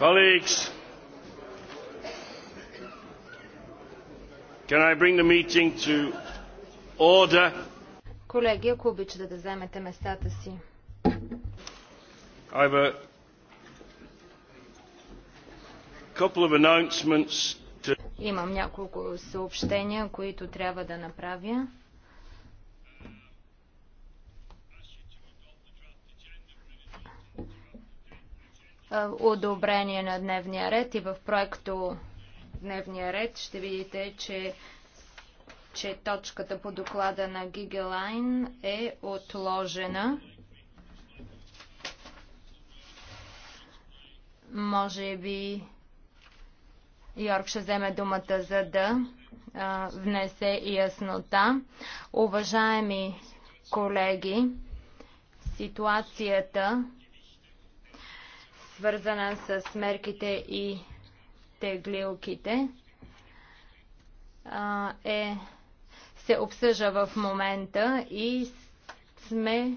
Colleagues, can I bring the meeting to order? Колеги, ако обичате да вземете местата си. I have a couple of announcements to... Имам няколко съобщения, които трябва да направя. одобрение на дневния ред и в проекто дневния ред ще видите, че, че точката по доклада на Гигелайн е отложена. Може би Йорк ще вземе думата за да а, внесе яснота. Уважаеми колеги, ситуацията свързана с мерките и теглилките, е, се обсъжда в момента и сме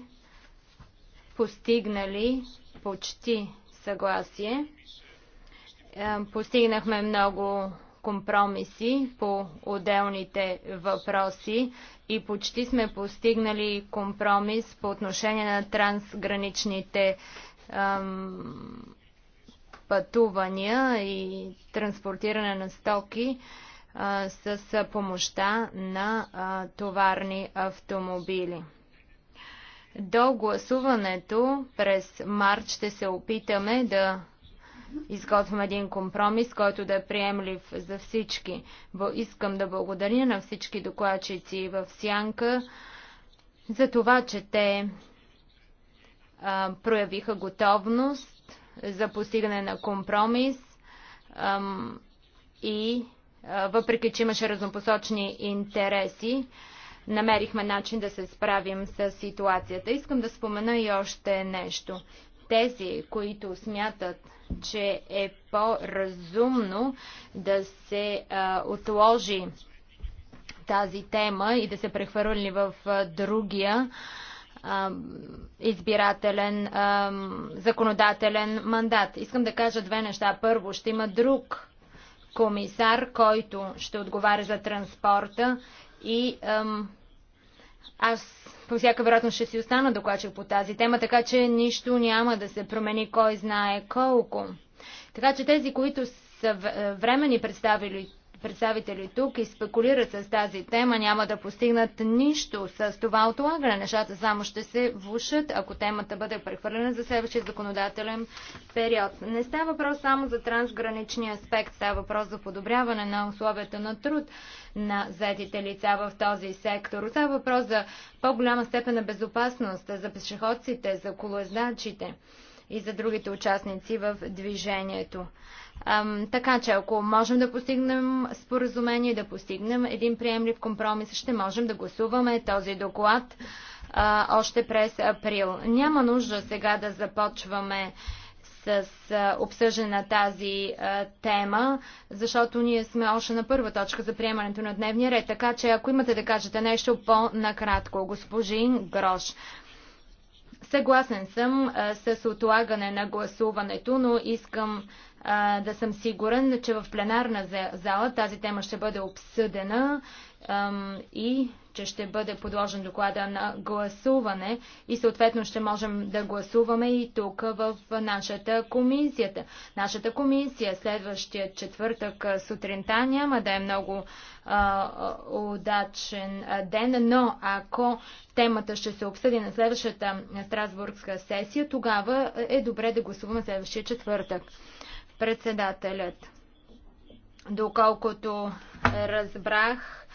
постигнали почти съгласие. Постигнахме много компромиси по отделните въпроси и почти сме постигнали компромис по отношение на трансграничните пътувания и транспортиране на стоки а, с помощта на а, товарни автомобили. До гласуването през март ще се опитаме да изготвим един компромис, който да е приемлив за всички. Искам да благодаря на всички докладчици в Сянка за това, че те проявиха готовност за постигане на компромис и въпреки, че имаше разнопосочни интереси, намерихме начин да се справим с ситуацията. Искам да спомена и още нещо. Тези, които смятат, че е по-разумно да се а, отложи тази тема и да се прехвърли в а, другия, а, избирателен законодателен мандат. Искам да кажа две неща. Първо, ще има друг комисар, който ще отговаря за транспорта и аз по всяка вероятност ще си остана докладчик по тази тема, така че нищо няма да се промени кой знае колко. Така че тези, които са е, времени представители представители тук и спекулират с тази тема, няма да постигнат нищо с това отлагане. Нещата само ще се влушат, ако темата бъде прехвърлена за следващия законодателен период. Не става въпрос само за трансграничния аспект, става въпрос за подобряване на условията на труд на заетите лица в този сектор. Става въпрос за по-голяма степен на безопасност за пешеходците, за колоездачите и за другите участници в движението така че ако можем да постигнем споразумение, да постигнем един приемлив компромис, ще можем да гласуваме този доклад още през април. Няма нужда сега да започваме с обсъждане на тази тема, защото ние сме още на първа точка за приемането на дневния ред. Така че ако имате да кажете нещо по-накратко, госпожин Грош. Съгласен съм с отлагане на гласуването, но искам а, да съм сигурен, че в пленарна зала тази тема ще бъде обсъдена и че ще бъде подложен доклада на гласуване и съответно ще можем да гласуваме и тук в нашата комисията. Нашата комисия следващия четвъртък сутринта няма да е много а, удачен ден, но ако темата ще се обсъди на следващата Страсбургска сесия, тогава е добре да гласуваме следващия четвъртък. Председателят. Доколкото разбрах,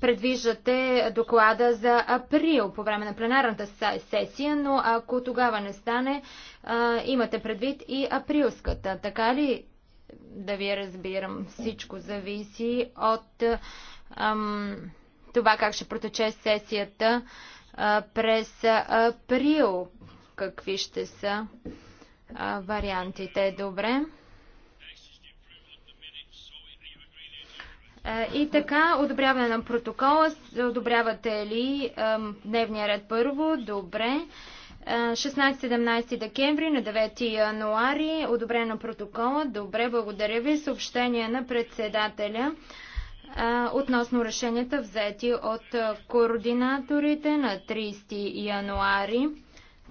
предвиждате доклада за април по време на пленарната сесия, но ако тогава не стане, имате предвид и априлската. Така ли да ви разбирам? Всичко зависи от ам, това как ще протече сесията а, през април. Какви ще са вариантите. Добре. Е, и така, одобряване на протокола. Одобрявате ли дневния ред първо? Добре. 16-17 е, декември на 9 януари. Одобрена протокола. Добре, благодаря ви. Съобщение на председателя е, относно решенията взети от координаторите на 30 януари.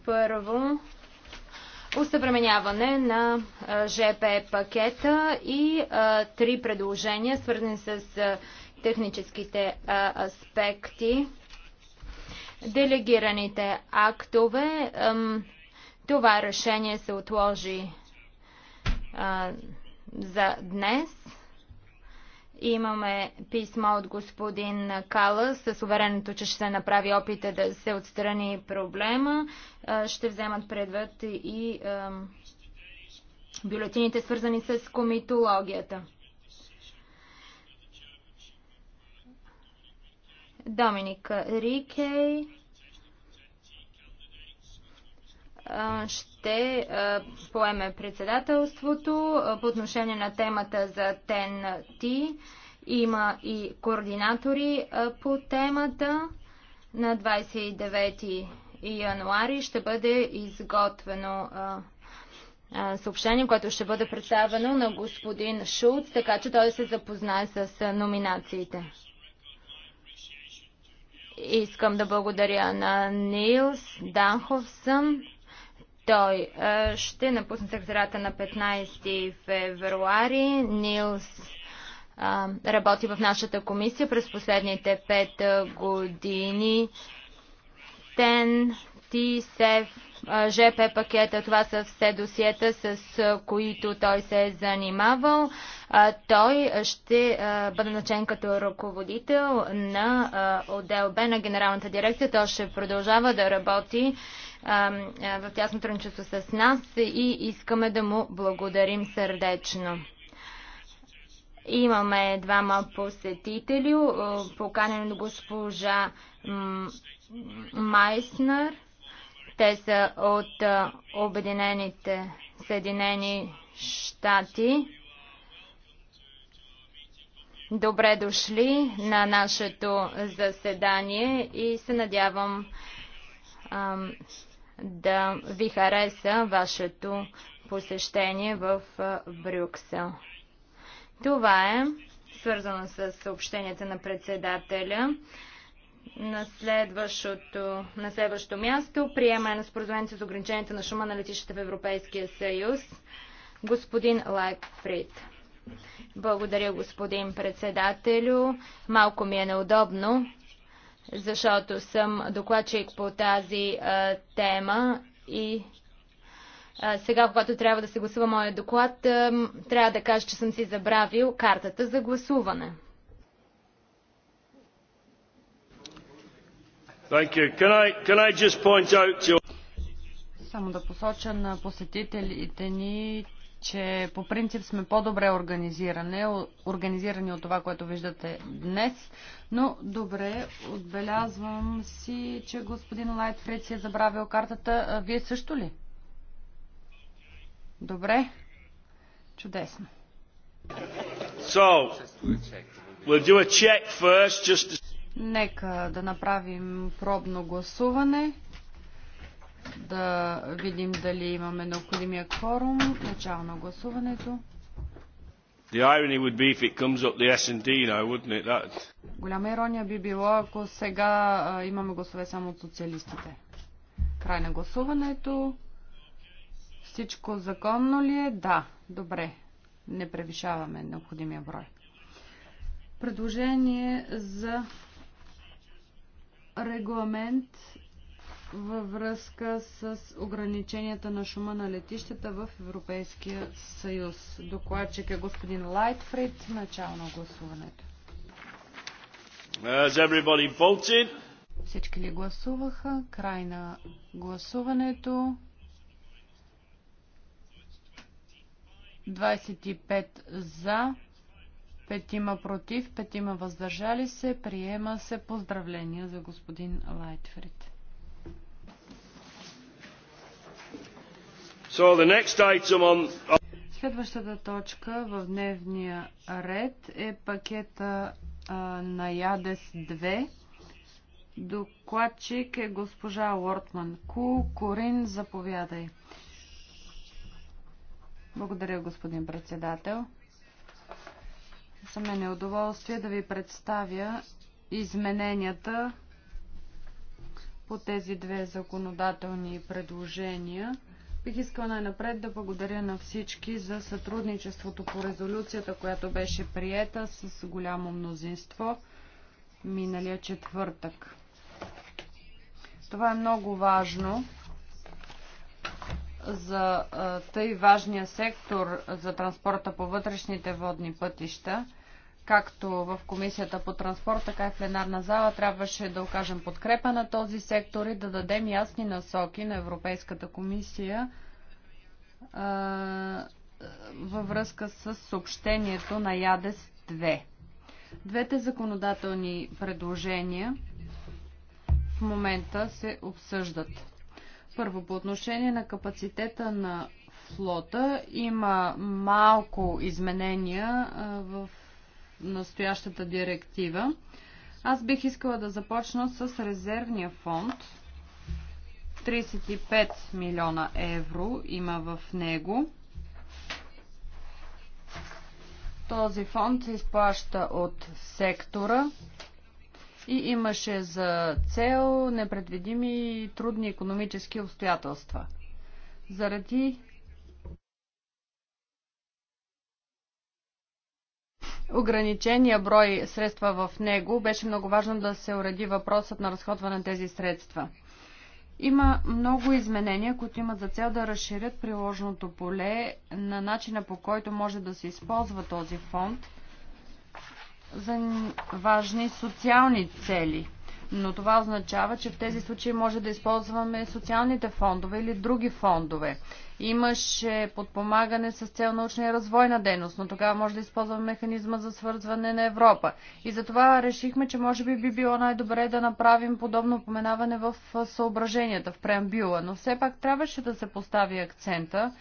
Първо, Осъвременяване на ЖП пакета и а, три предложения, свързани с а, техническите а, аспекти. Делегираните актове. Това решение се отложи за днес. Имаме писмо от господин Кала с увереното, че ще направи опита да се отстрани проблема. Е, ще вземат предвид и е, бюлетините, свързани с комитологията. Доминик Рикей ще поеме председателството по отношение на темата за тен ТИ. Има и координатори по темата. На 29 януари ще бъде изготвено съобщение, което ще бъде представено на господин Шулц, така че той се запознае с номинациите. Искам да благодаря на Нилс Данховсън, той ще напусне секретарата на 15 февруари. Нилс работи в нашата комисия през последните 5 години. ТЕН, ТИСЕФ, ЖП пакета, това са все досиета, с които той се е занимавал. Той ще бъде начен като ръководител на отдел Б на Генералната дирекция. Той ще продължава да работи в тясно трънчество с нас и искаме да му благодарим сърдечно. Имаме двама посетители, поканени до госпожа Майснер. Те са от Обединените Съединени щати. Добре дошли на нашето заседание и се надявам да ви хареса вашето посещение в Брюксел. Това е свързано с съобщенията на председателя. На следващото, на следващото място приема на споразумението с ограничението на шума на летищата в Европейския съюз господин Лайкфрид. Благодаря, господин председателю. Малко ми е неудобно, защото съм докладчик по тази а, тема и а, сега, когато трябва да се гласува моят доклад, а, трябва да кажа, че съм си забравил картата за гласуване. Can I, can I to... Само да посоча на посетителите ни, че по принцип сме по-добре организирани, организирани от това, което виждате днес. Но добре, отбелязвам си, че господин Лайтфред си е забравил картата. А, вие също ли? Добре. Чудесно. So, we'll do a check first, just to... Нека да направим пробно гласуване да видим дали имаме необходимия кворум. Начало на гласуването. Голяма ирония би било, ако сега имаме гласове само от социалистите. Край на гласуването. Всичко законно ли е? Да. Добре. Не превишаваме необходимия брой. Предложение за регламент във връзка с ограниченията на шума на летищата в Европейския съюз. Докладчик е господин Лайтфрид. Начало на гласуването. Всички ли гласуваха? Край на гласуването. 25 за, Петима има против, 5 има въздържали се. Приема се поздравления за господин Лайтфрид. Следващата точка в дневния ред е пакета на Ядес 2. Докладчик е госпожа Лортман Ку. Корин, заповядай. Благодаря, господин председател. За мен е удоволствие да ви представя измененията по тези две законодателни предложения – Бих искала най-напред да благодаря на всички за сътрудничеството по резолюцията, която беше приета с голямо мнозинство миналия четвъртък. Това е много важно за тъй важния сектор за транспорта по вътрешните водни пътища – както в Комисията по транспорт, така и в пленарна зала трябваше да окажем подкрепа на този сектор и да дадем ясни насоки на Европейската комисия а, във връзка с съобщението на ЯДЕС 2. Двете законодателни предложения в момента се обсъждат. Първо, по отношение на капацитета на флота има малко изменения в настоящата директива. Аз бих искала да започна с резервния фонд. 35 милиона евро има в него. Този фонд се изплаща от сектора и имаше за цел непредвидими и трудни економически обстоятелства. Заради ограничения брой средства в него, беше много важно да се уреди въпросът на разходване на тези средства. Има много изменения, които имат за цел да разширят приложеното поле на начина по който може да се използва този фонд за важни социални цели – но това означава, че в тези случаи може да използваме социалните фондове или други фондове. Имаше подпомагане с цел научна и развойна дейност, но тогава може да използваме механизма за свързване на Европа. И затова решихме, че може би би било най-добре да направим подобно упоменаване в съображенията, в преамбюла. Но все пак трябваше да се постави акцента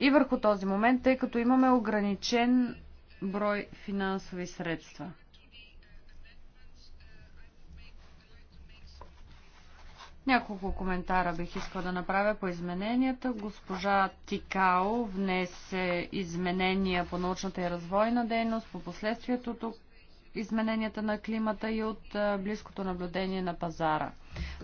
и върху този момент, тъй като имаме ограничен брой финансови средства. Няколко коментара бих искала да направя по измененията. Госпожа Тикао внесе изменения по научната и развойна дейност, по последствието от измененията на климата и от близкото наблюдение на пазара.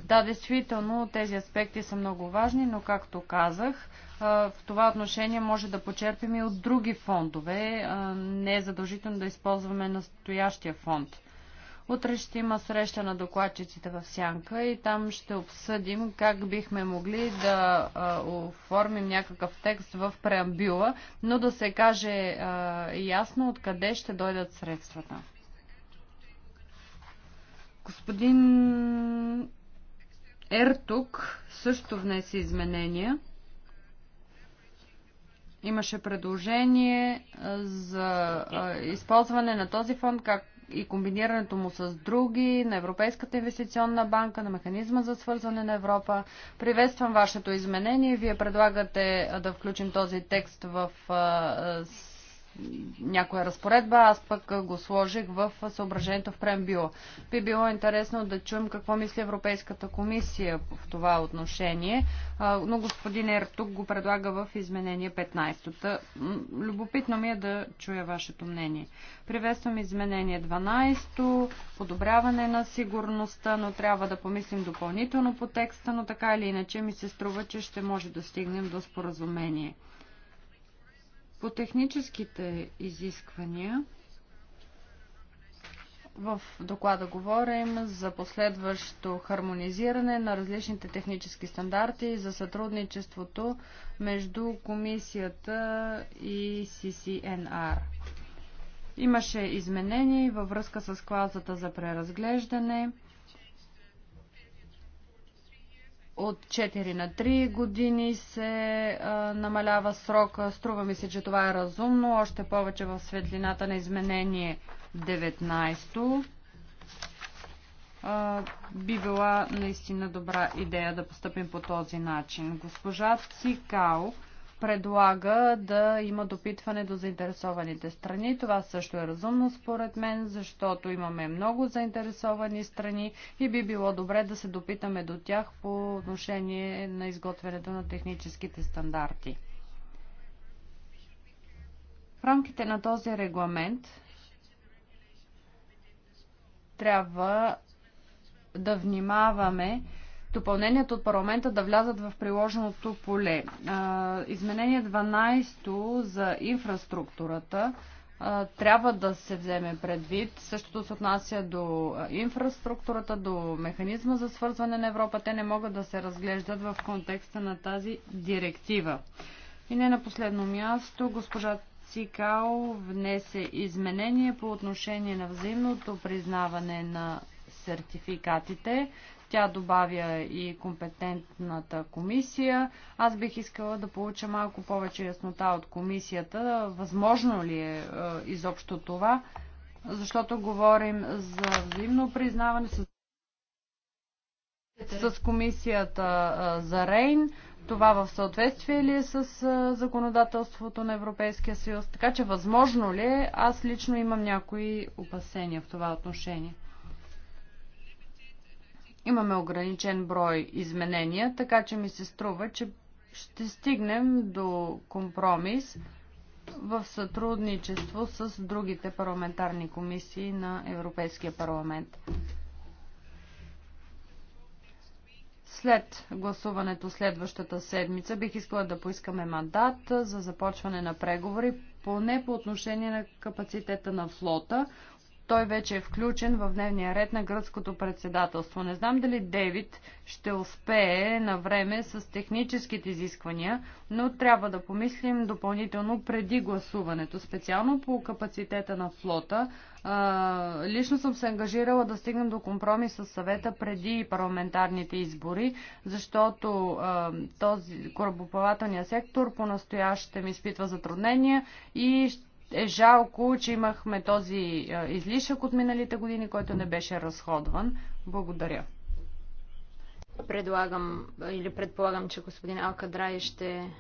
Да, действително, тези аспекти са много важни, но както казах, в това отношение може да почерпим и от други фондове. Не е задължително да използваме настоящия фонд. Утре ще има среща на докладчиците в Сянка и там ще обсъдим как бихме могли да а, оформим някакъв текст в преамбюла, но да се каже а, ясно откъде ще дойдат средствата. Господин Ертук също внесе изменения. Имаше предложение за използване на този фонд как, и комбинирането му с други, на Европейската инвестиционна банка, на механизма за свързване на Европа. Приветствам вашето изменение. Вие предлагате да включим този текст в някоя разпоредба, аз пък го сложих в съображението в Прембио. Би било интересно да чуем какво мисли Европейската комисия в това отношение, но господин Ертук го предлага в изменение 15-та. Любопитно ми е да чуя вашето мнение. Приветствам изменение 12-то, подобряване на сигурността, но трябва да помислим допълнително по текста, но така или иначе ми се струва, че ще може да стигнем до споразумение. По техническите изисквания в доклада говорим за последващо хармонизиране на различните технически стандарти за сътрудничеството между комисията и CCNR. Имаше изменения във връзка с клазата за преразглеждане – от 4 на 3 години се а, намалява срока. Струва ми се, че това е разумно, още повече в светлината на изменение 19 а, би била наистина добра идея да поступим по този начин. Госпожа Цикао предлага да има допитване до заинтересованите страни. Това също е разумно според мен, защото имаме много заинтересовани страни и би било добре да се допитаме до тях по отношение на изготвянето на техническите стандарти. В рамките на този регламент трябва да внимаваме допълнението от парламента да влязат в приложеното поле. Изменение 12 за инфраструктурата трябва да се вземе предвид. Същото се отнася до инфраструктурата, до механизма за свързване на Европа. Те не могат да се разглеждат в контекста на тази директива. И не на последно място, госпожа Цикао внесе изменение по отношение на взаимното признаване на сертификатите. Тя добавя и компетентната комисия. Аз бих искала да получа малко повече яснота от комисията. Възможно ли е, е изобщо това? Защото говорим за взаимно признаване с с комисията е, за Рейн. Това в съответствие ли е с е, законодателството на Европейския съюз? Така че възможно ли е? Аз лично имам някои опасения в това отношение. Имаме ограничен брой изменения, така че ми се струва, че ще стигнем до компромис в сътрудничество с другите парламентарни комисии на Европейския парламент. След гласуването следващата седмица бих искала да поискаме мандат за започване на преговори, поне по отношение на капацитета на флота, той вече е включен в дневния ред на гръцкото председателство. Не знам дали Девид ще успее на време с техническите изисквания, но трябва да помислим допълнително преди гласуването. Специално по капацитета на флота. Лично съм се ангажирала да стигнем до компромис с съвета преди парламентарните избори, защото този корабоплавателният сектор по-настоящем изпитва затруднения и ще е жалко, че имахме този е, излишък от миналите години, който не беше разходван. Благодаря. Предлагам или предполагам, че господин Алкадрай ще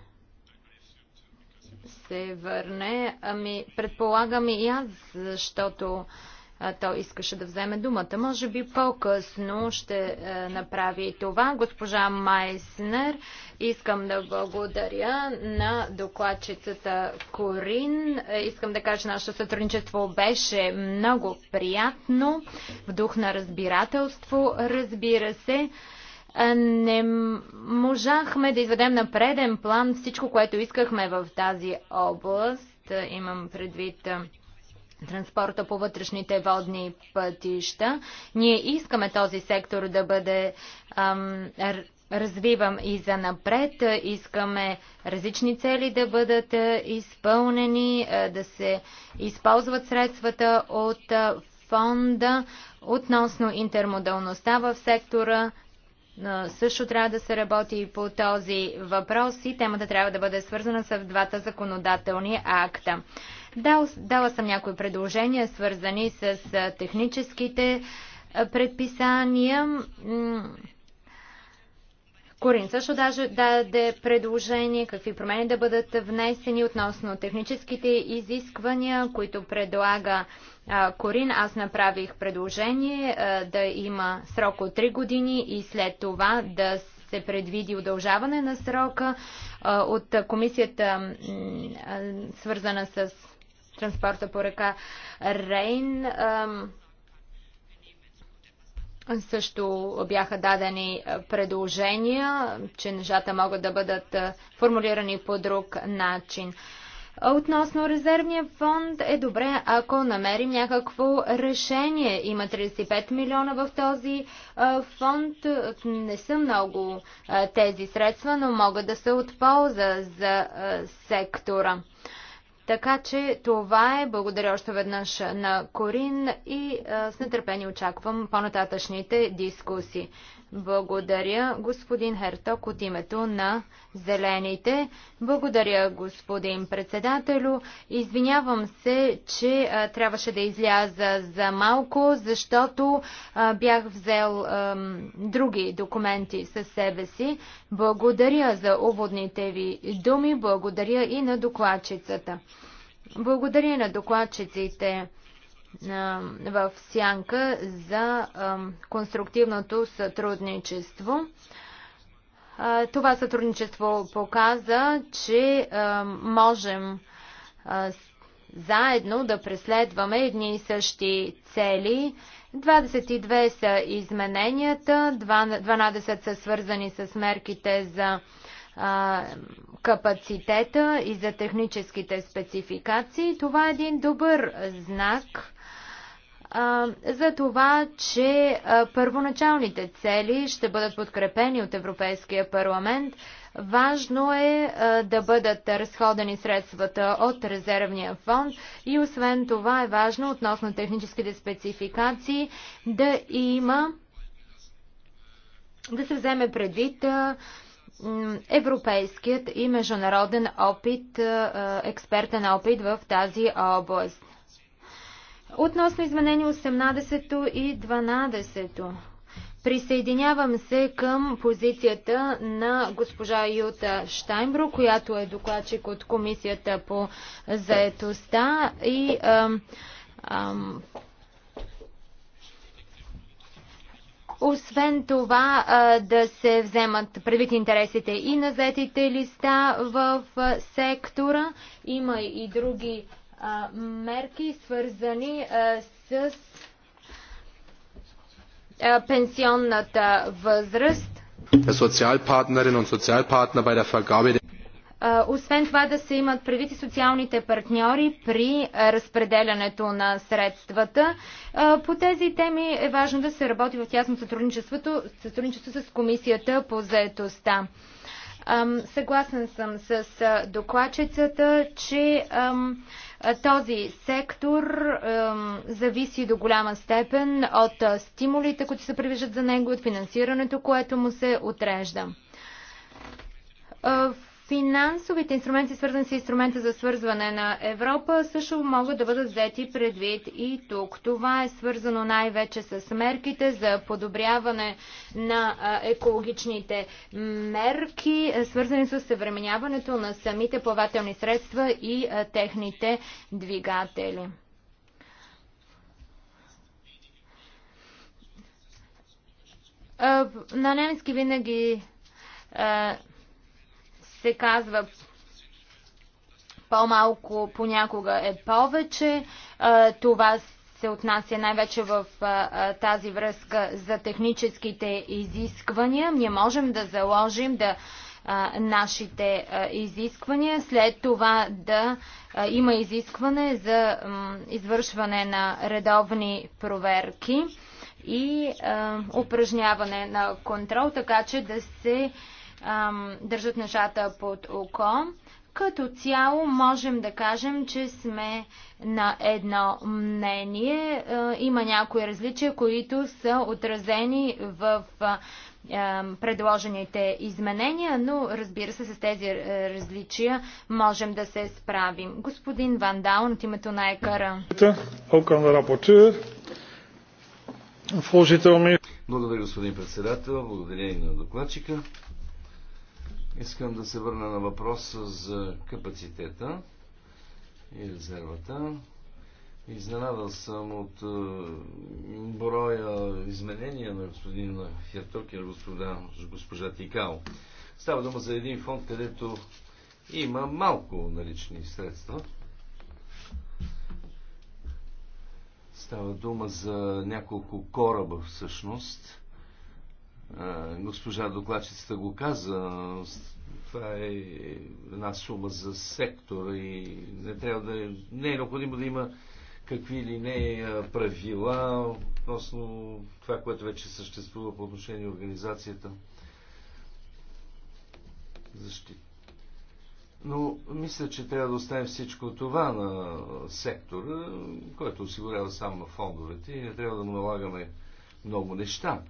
се върне. Ами, предполагам и аз, защото той искаше да вземе думата. Може би по-късно ще е, направи това. Госпожа Майснер, искам да благодаря на докладчицата Корин. Е, искам да кажа, че нашето сътрудничество беше много приятно, в дух на разбирателство, разбира се е, не можахме да изведем на преден план всичко, което искахме в тази област. Имам предвид транспорта по вътрешните водни пътища. Ние искаме този сектор да бъде ам, развивам и за напред. Искаме различни цели да бъдат изпълнени, да се използват средствата от фонда относно интермодалността в сектора. Също трябва да се работи и по този въпрос и темата трябва да бъде свързана с двата законодателни акта. Да, дала съм някои предложения, свързани с техническите предписания. Корин също даже даде предложение какви промени да бъдат внесени относно техническите изисквания, които предлага Корин. Аз направих предложение да има срок от 3 години и след това да се предвиди удължаване на срока от комисията, свързана с транспорта по река Рейн. Също бяха дадени предложения, че нещата могат да бъдат формулирани по друг начин. Относно резервния фонд е добре, ако намерим някакво решение. Има 35 милиона в този фонд. Не са много тези средства, но могат да се от полза за сектора. Така че това е. Благодаря още веднъж на Корин и с нетърпение очаквам по-нататъчните дискусии. Благодаря, господин Херток, от името на Зелените. Благодаря, господин председателю. Извинявам се, че а, трябваше да изляза за малко, защото а, бях взел а, други документи със себе си. Благодаря за уводните ви думи, благодаря и на докладчицата. Благодаря на докладчиците в сянка за конструктивното сътрудничество. Това сътрудничество показа, че можем заедно да преследваме едни и същи цели. 22 са измененията, 12 са свързани с мерките за капацитета и за техническите спецификации. Това е един добър знак за това, че първоначалните цели ще бъдат подкрепени от Европейския парламент. Важно е да бъдат разходени средствата от резервния фонд и освен това е важно относно техническите спецификации да има да се вземе предвид европейският и международен опит, експертен опит в тази област. Относно изменение 18 и 12. Присъединявам се към позицията на госпожа Юта Штайнбро, която е докладчик от Комисията по заетостта и ам, ам, освен това да се вземат предвид интересите и на заетите листа в сектора. Има и други мерки, свързани с пенсионната възраст. Освен това да се имат предвид и социалните партньори при разпределянето на средствата. По тези теми е важно да се работи в тясно сътрудничество с Комисията по заетостта. Съгласен съм с докладчицата, че е, този сектор зависи до голяма степен от е, стимулите, които се привиждат за него, от финансирането, което му се отрежда. В е, Финансовите инструменти, свързани с инструмента за свързване на Европа, също могат да бъдат взети предвид и тук. Това е свързано най-вече с мерките за подобряване на екологичните мерки, свързани с съвременяването на самите плавателни средства и техните двигатели. На немски винаги се казва по-малко понякога е повече. Това се отнася най-вече в тази връзка за техническите изисквания. Ние можем да заложим да нашите изисквания, след това да има изискване за извършване на редовни проверки и упражняване на контрол, така че да се държат нещата под око. Като цяло можем да кажем, че сме на едно мнение. Е, има някои различия, които са отразени в е, предложените изменения, но разбира се, с тези е, различия можем да се справим. Господин Ван Даун от името на ЕКАРА. Благодаря, господин председател. Благодаря и на докладчика. Искам да се върна на въпроса за капацитета и резервата. Изненадал съм от е, броя изменения на господин Херток и господа, госпожа Тикао. Става дума за един фонд, където има малко налични средства. Става дума за няколко кораба всъщност. Госпожа докладчицата го каза, това е една сума за сектора и не трябва да не е необходимо да има какви ли не правила относно това, което вече съществува по отношение на организацията. Защита. Но мисля, че трябва да оставим всичко това на сектора, който осигурява само на фондовете и не трябва да му налагаме много неща.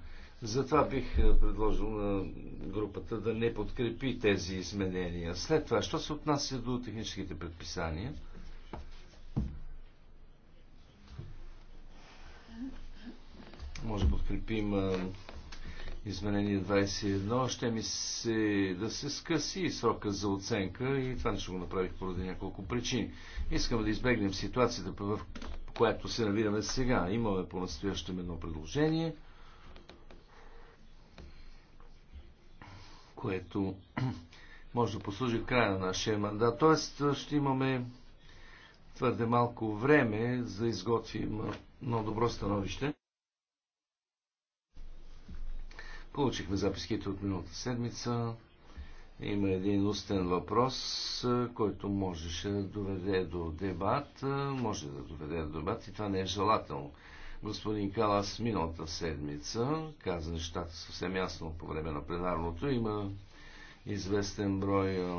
Затова бих е, предложил на групата да не подкрепи тези изменения. След това, що се отнася до техническите предписания, може да подкрепим е, изменение 21, ще ми се да се скъси срока за оценка и това не ще го направих поради няколко причини. Искам да избегнем ситуацията, в която се навираме сега. Имаме по-настоящем едно предложение – което може да послужи края на нашия мандат. Тоест ще имаме твърде малко време за да изготвим много добро становище. Получихме записките от миналата седмица. Има един устен въпрос, който можеше да доведе до дебат. Може да доведе до дебат и това не е желателно. Господин Калас миналата седмица каза нещата съвсем ясно по време на пленарното. Има известен брой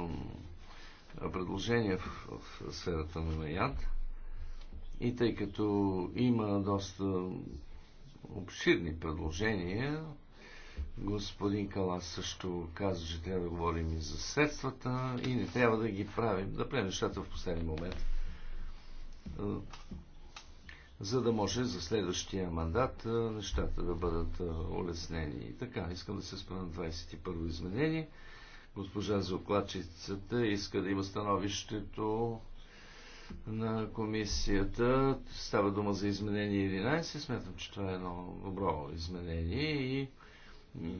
предложения в, в сферата на наят. И тъй като има доста обширни предложения, господин Калас също каза, че трябва да говорим и за средствата и не трябва да ги правим, да правим нещата в последния момент за да може за следващия мандат нещата да бъдат улеснени. И така, искам да се спра на 21-во изменение. Госпожа Зоклачицата иска да има становището на комисията. Става дума за изменение 11. Смятам, че това е едно добро изменение и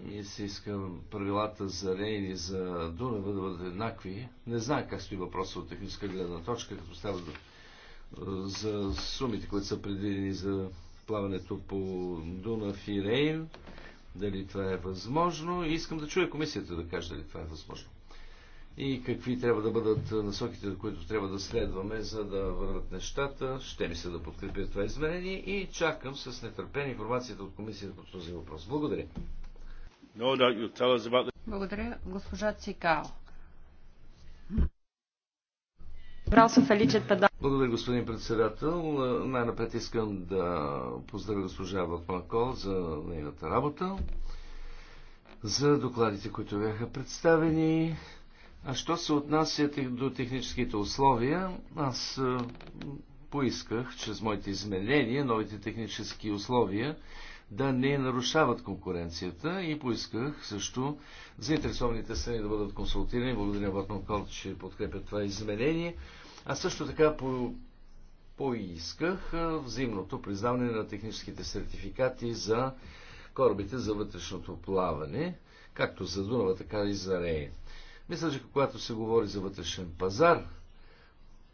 и се иска правилата за Рейн и за Дунава да бъдат еднакви. Не знам как стои въпроса от техническа гледна точка, като става за сумите, които са предвидени за плаването по Дунав и Рейн, дали това е възможно. И искам да чуя комисията да каже дали това е възможно. И какви трябва да бъдат насоките, които трябва да следваме, за да върват нещата. Ще ми се да подкрепя това изменение и чакам с нетърпение информацията от комисията по този въпрос. Благодаря. Благодаря, госпожа Цикао. Благодаря, господин председател. Най-напред искам да поздравя госпожа Ватманко за нейната работа, за докладите, които бяха представени. А що се отнася до техническите условия, аз поисках чрез моите изменения новите технически условия да не нарушават конкуренцията и поисках също заинтересованите страни да бъдат консултирани. Благодаря Батман Кол, че подкрепят това изменение. А също така по, поисках взаимното признаване на техническите сертификати за корабите за вътрешното плаване, както за Дунава, така и за Рея. Мисля, че когато се говори за вътрешен пазар,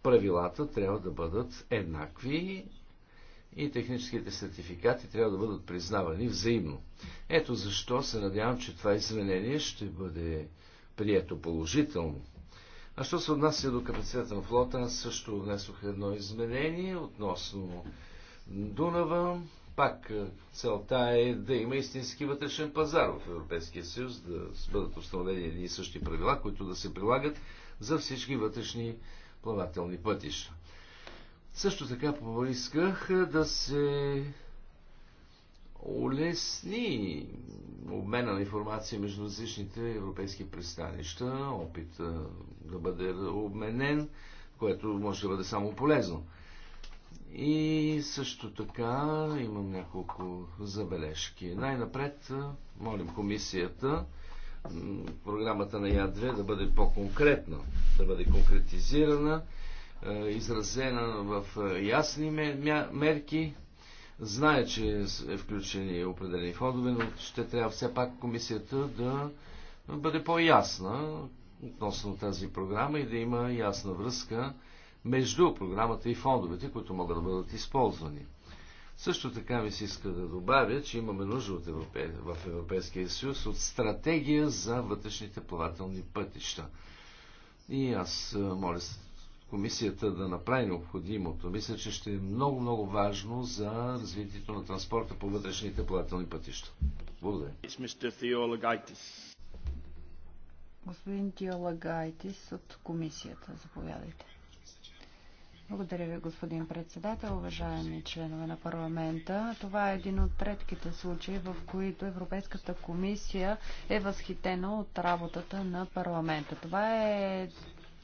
правилата трябва да бъдат еднакви и техническите сертификати трябва да бъдат признавани взаимно. Ето защо се надявам, че това изменение ще бъде прието положително. А що се отнася до капацитета на флота, аз също внесох едно изменение относно Дунава. Пак е, целта е да има истински вътрешен пазар в Европейския съюз, да бъдат установени едни и същи правила, които да се прилагат за всички вътрешни плавателни пътища. Също така поисках е, да се улесни обмена на информация между различните европейски пристанища, опит да бъде обменен, което може да бъде само полезно. И също така имам няколко забележки. Най-напред молим комисията програмата на яд 2 да бъде по-конкретна, да бъде конкретизирана, изразена в ясни мерки, Знае, че е включени определени фондове, но ще трябва все пак комисията да бъде по-ясна относно тази програма и да има ясна връзка между програмата и фондовете, които могат да бъдат използвани. Също така ми се иска да добавя, че имаме нужда от Европе... в Европейския съюз от стратегия за вътрешните плавателни пътища. И аз моля комисията да направи необходимото. Мисля, че ще е много, много важно за развитието на транспорта по вътрешните плавателни пътища. Благодаря. Господин Гайтис от комисията, заповядайте. Благодаря ви, господин председател, уважаеми членове на парламента. Това е един от редките случаи, в които Европейската комисия е възхитена от работата на парламента. Това е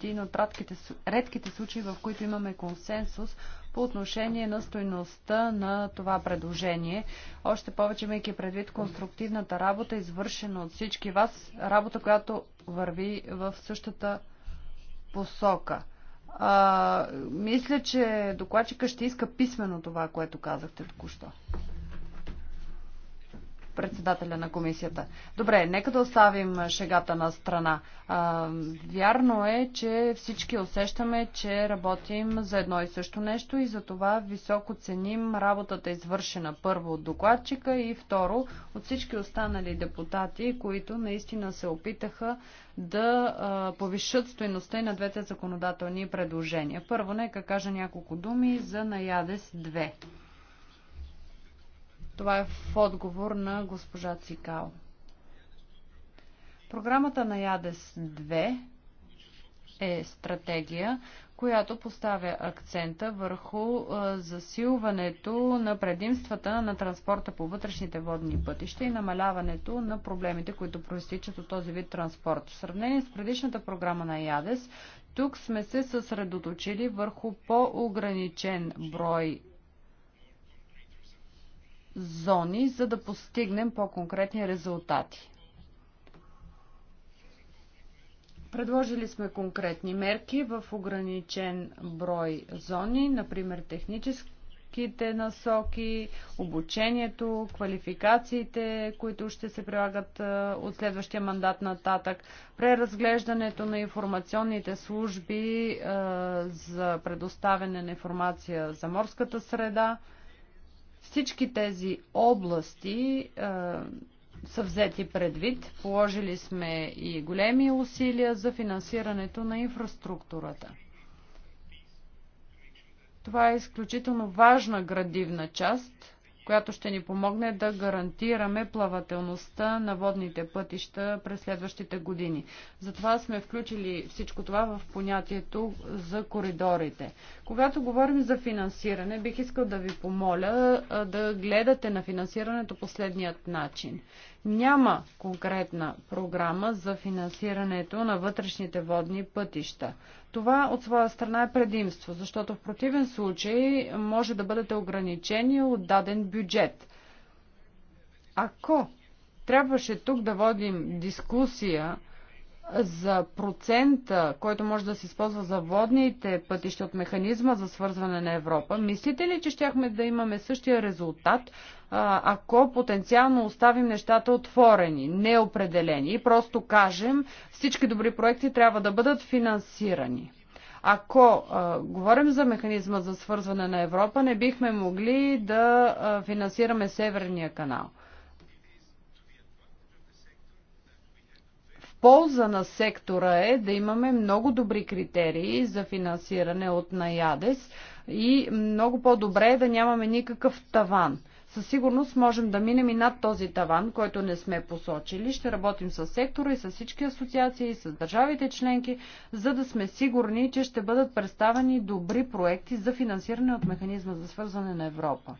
един от редките, редките случаи, в които имаме консенсус по отношение на стойността на това предложение. Още повече, имайки предвид конструктивната работа, извършена от всички вас, работа, която върви в същата посока. А, мисля, че докладчика ще иска писменно това, което казахте току-що председателя на комисията. Добре, нека да оставим шегата на страна. А, вярно е, че всички усещаме, че работим за едно и също нещо и за това високо ценим работата извършена първо от докладчика и второ от всички останали депутати, които наистина се опитаха да а, повишат стоеността на двете законодателни предложения. Първо, нека кажа няколко думи за Наядес 2. Това е в отговор на госпожа Цикао. Програмата на ЯДЕС 2 е стратегия, която поставя акцента върху е, засилването на предимствата на транспорта по вътрешните водни пътища и намаляването на проблемите, които проистичат от този вид транспорт. В сравнение с предишната програма на ЯДЕС, тук сме се съсредоточили върху по-ограничен брой зони, за да постигнем по-конкретни резултати. Предложили сме конкретни мерки в ограничен брой зони, например техническите насоки, обучението, квалификациите, които ще се прилагат от следващия мандат нататък, преразглеждането на информационните служби за предоставяне на информация за морската среда, всички тези области а, са взети предвид. Положили сме и големи усилия за финансирането на инфраструктурата. Това е изключително важна градивна част която ще ни помогне да гарантираме плавателността на водните пътища през следващите години. Затова сме включили всичко това в понятието за коридорите. Когато говорим за финансиране, бих искал да ви помоля да гледате на финансирането последният начин. Няма конкретна програма за финансирането на вътрешните водни пътища. Това от своя страна е предимство, защото в противен случай може да бъдете ограничени от даден бюджет. Ако трябваше тук да водим дискусия за процента, който може да се използва за водните пътища от механизма за свързване на Европа, мислите ли, че щяхме да имаме същия резултат, ако потенциално оставим нещата отворени, неопределени и просто кажем, всички добри проекти трябва да бъдат финансирани? Ако а, говорим за механизма за свързване на Европа, не бихме могли да а, финансираме Северния канал. полза на сектора е да имаме много добри критерии за финансиране от наядес и много по-добре е да нямаме никакъв таван. Със сигурност можем да минем и над този таван, който не сме посочили. Ще работим с сектора и с всички асоциации, и с държавите членки, за да сме сигурни, че ще бъдат представени добри проекти за финансиране от механизма за свързване на Европа.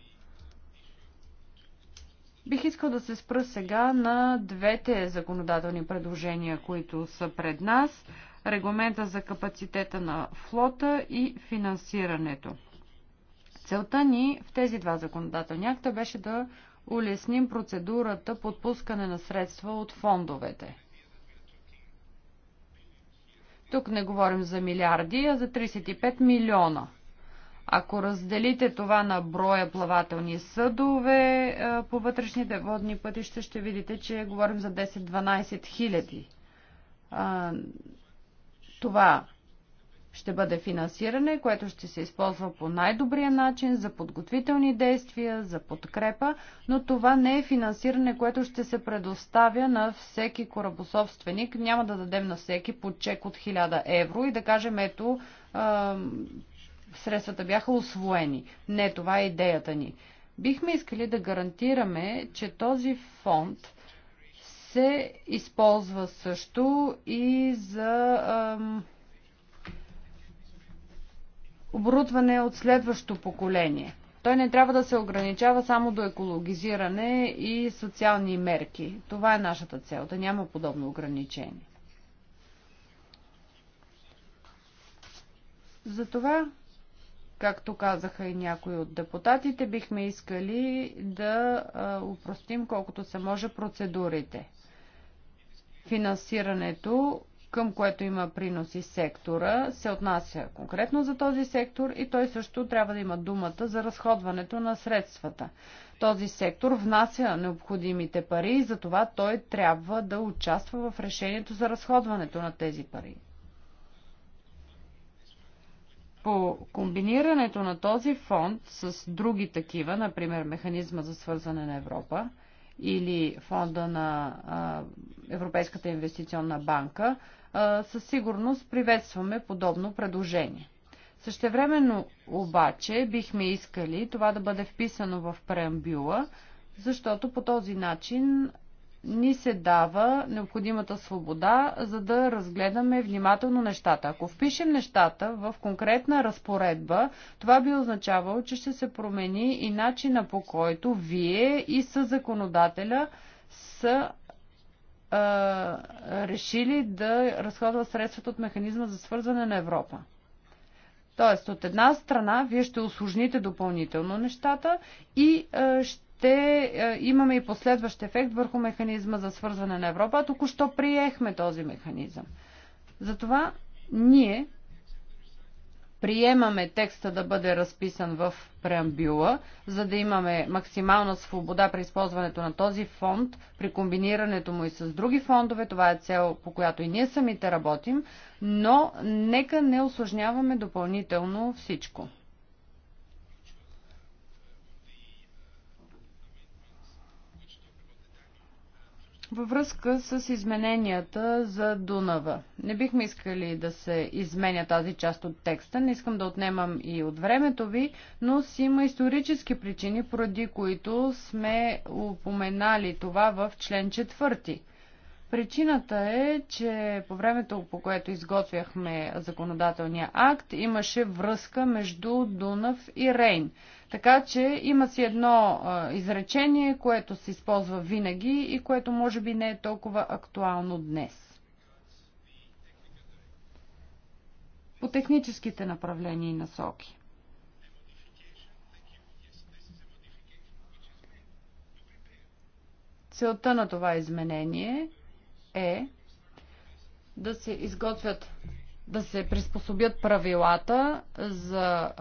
Бих искал да се спра сега на двете законодателни предложения, които са пред нас. Регламента за капацитета на флота и финансирането. Целта ни в тези два законодателни акта беше да улесним процедурата по отпускане на средства от фондовете. Тук не говорим за милиарди, а за 35 милиона – ако разделите това на броя плавателни съдове е, по вътрешните водни пътища, ще видите, че говорим за 10-12 хиляди. Това ще бъде финансиране, което ще се използва по най-добрия начин за подготвителни действия, за подкрепа, но това не е финансиране, което ще се предоставя на всеки корабособственик. Няма да дадем на всеки по чек от 1000 евро и да кажем ето средствата бяха освоени. Не, това е идеята ни. Бихме искали да гарантираме, че този фонд се използва също и за ам, оборудване от следващо поколение. Той не трябва да се ограничава само до екологизиране и социални мерки. Това е нашата цел, да няма подобно ограничение. Затова Както казаха и някои от депутатите, бихме искали да упростим колкото се може процедурите. Финансирането, към което има приноси сектора, се отнася конкретно за този сектор и той също трябва да има думата за разходването на средствата. Този сектор внася необходимите пари и затова той трябва да участва в решението за разходването на тези пари по комбинирането на този фонд с други такива, например механизма за свързване на Европа или фонда на а, Европейската инвестиционна банка, а, със сигурност приветстваме подобно предложение. Същевременно обаче бихме искали това да бъде вписано в преамбюла, защото по този начин ни се дава необходимата свобода, за да разгледаме внимателно нещата. Ако впишем нещата в конкретна разпоредба, това би означавало, че ще се промени и начина по който вие и със законодателя са е, решили да разходват средствата от механизма за свързване на Европа. Тоест, от една страна, вие ще осложните допълнително нещата и е, ще ще е, имаме и последващ ефект върху механизма за свързване на Европа. Току-що приехме този механизъм. Затова ние приемаме текста да бъде разписан в преамбюла, за да имаме максимална свобода при използването на този фонд, при комбинирането му и с други фондове. Това е цел, по която и ние самите работим, но нека не осложняваме допълнително всичко. Във връзка с измененията за Дунава. Не бихме искали да се изменя тази част от текста. Не искам да отнемам и от времето ви, но си има исторически причини, поради които сме упоменали това в член четвърти. Причината е, че по времето, по което изготвяхме законодателния акт, имаше връзка между Дунав и Рейн. Така че има си едно а, изречение, което се използва винаги и което може би не е толкова актуално днес. По техническите направления и насоки. Целта на това изменение е е да се изготвят, да се приспособят правилата за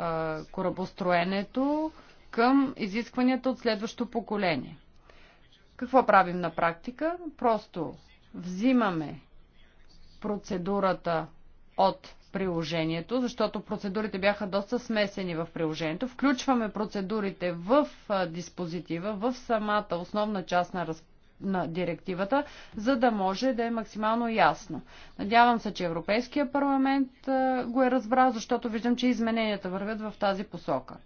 корабостроенето към изискванията от следващото поколение. Какво правим на практика? Просто взимаме процедурата от приложението, защото процедурите бяха доста смесени в приложението. Включваме процедурите в диспозитива, в самата основна част на разпределението на директивата, за да може да е максимално ясно. Надявам се, че Европейския парламент го е разбрал, защото виждам, че измененията вървят в тази посока.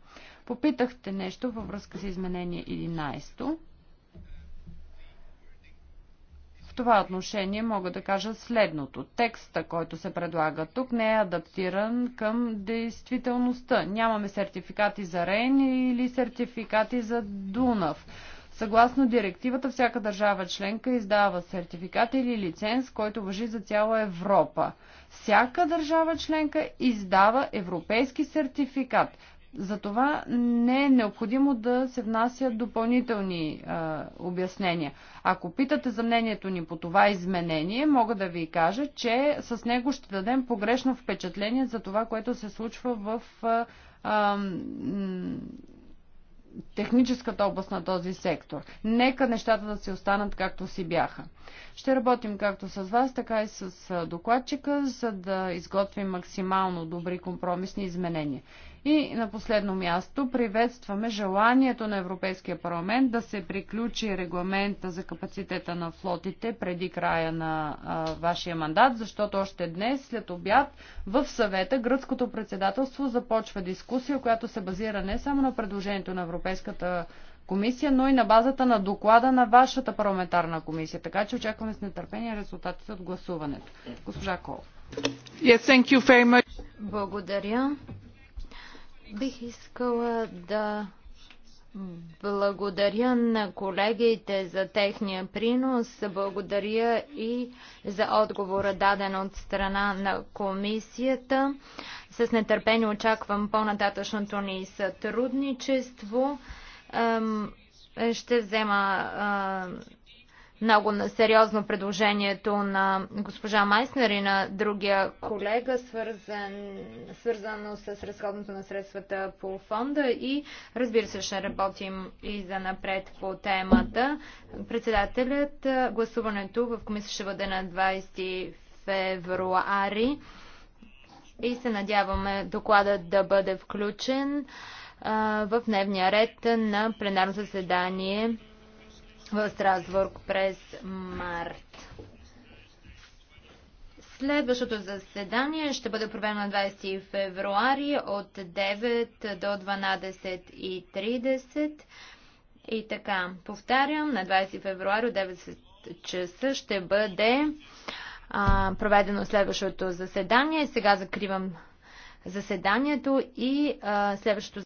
Попитахте нещо във връзка с изменение 11. то В това отношение мога да кажа следното. Текста, който се предлага тук, не е адаптиран към действителността. Нямаме сертификати за Рейн или сертификати за Дунав. Съгласно директивата, всяка държава членка издава сертификат или лиценз, който въжи за цяла Европа. Всяка държава членка издава европейски сертификат. Затова не е необходимо да се внасят допълнителни а, е, обяснения. Ако питате за мнението ни по това изменение, мога да ви кажа, че с него ще дадем погрешно впечатление за това, което се случва в а, е, е, техническата област на този сектор. Нека нещата да си останат както си бяха. Ще работим както с вас, така и с докладчика, за да изготвим максимално добри компромисни изменения. И на последно място приветстваме желанието на Европейския парламент да се приключи регламента за капацитета на флотите преди края на а, вашия мандат, защото още днес, след обяд, в съвета гръцкото председателство започва дискусия, която се базира не само на предложението на Европейската комисия, но и на базата на доклада на вашата парламентарна комисия. Така че очакваме с нетърпение резултатите от гласуването. Госпожа Кол. Yes, Благодаря. Бих искала да благодаря на колегите за техния принос. Благодаря и за отговора даден от страна на комисията. С нетърпение очаквам по-нататъчното ни сътрудничество. Ще взема много сериозно предложението на госпожа Майснер и на другия колега, свързан, свързано с разходното на средствата по фонда и разбира се ще работим и за напред по темата. Председателят гласуването в комисия ще бъде на 20 февруари и се надяваме докладът да бъде включен а, в дневния ред на пленарно заседание в Страсбург през март. Следващото заседание ще бъде проведено на 20 февруари от 9 до 12.30. И така, повтарям, на 20 февруари от 9 часа ще бъде а, проведено следващото заседание. Сега закривам заседанието и а, следващото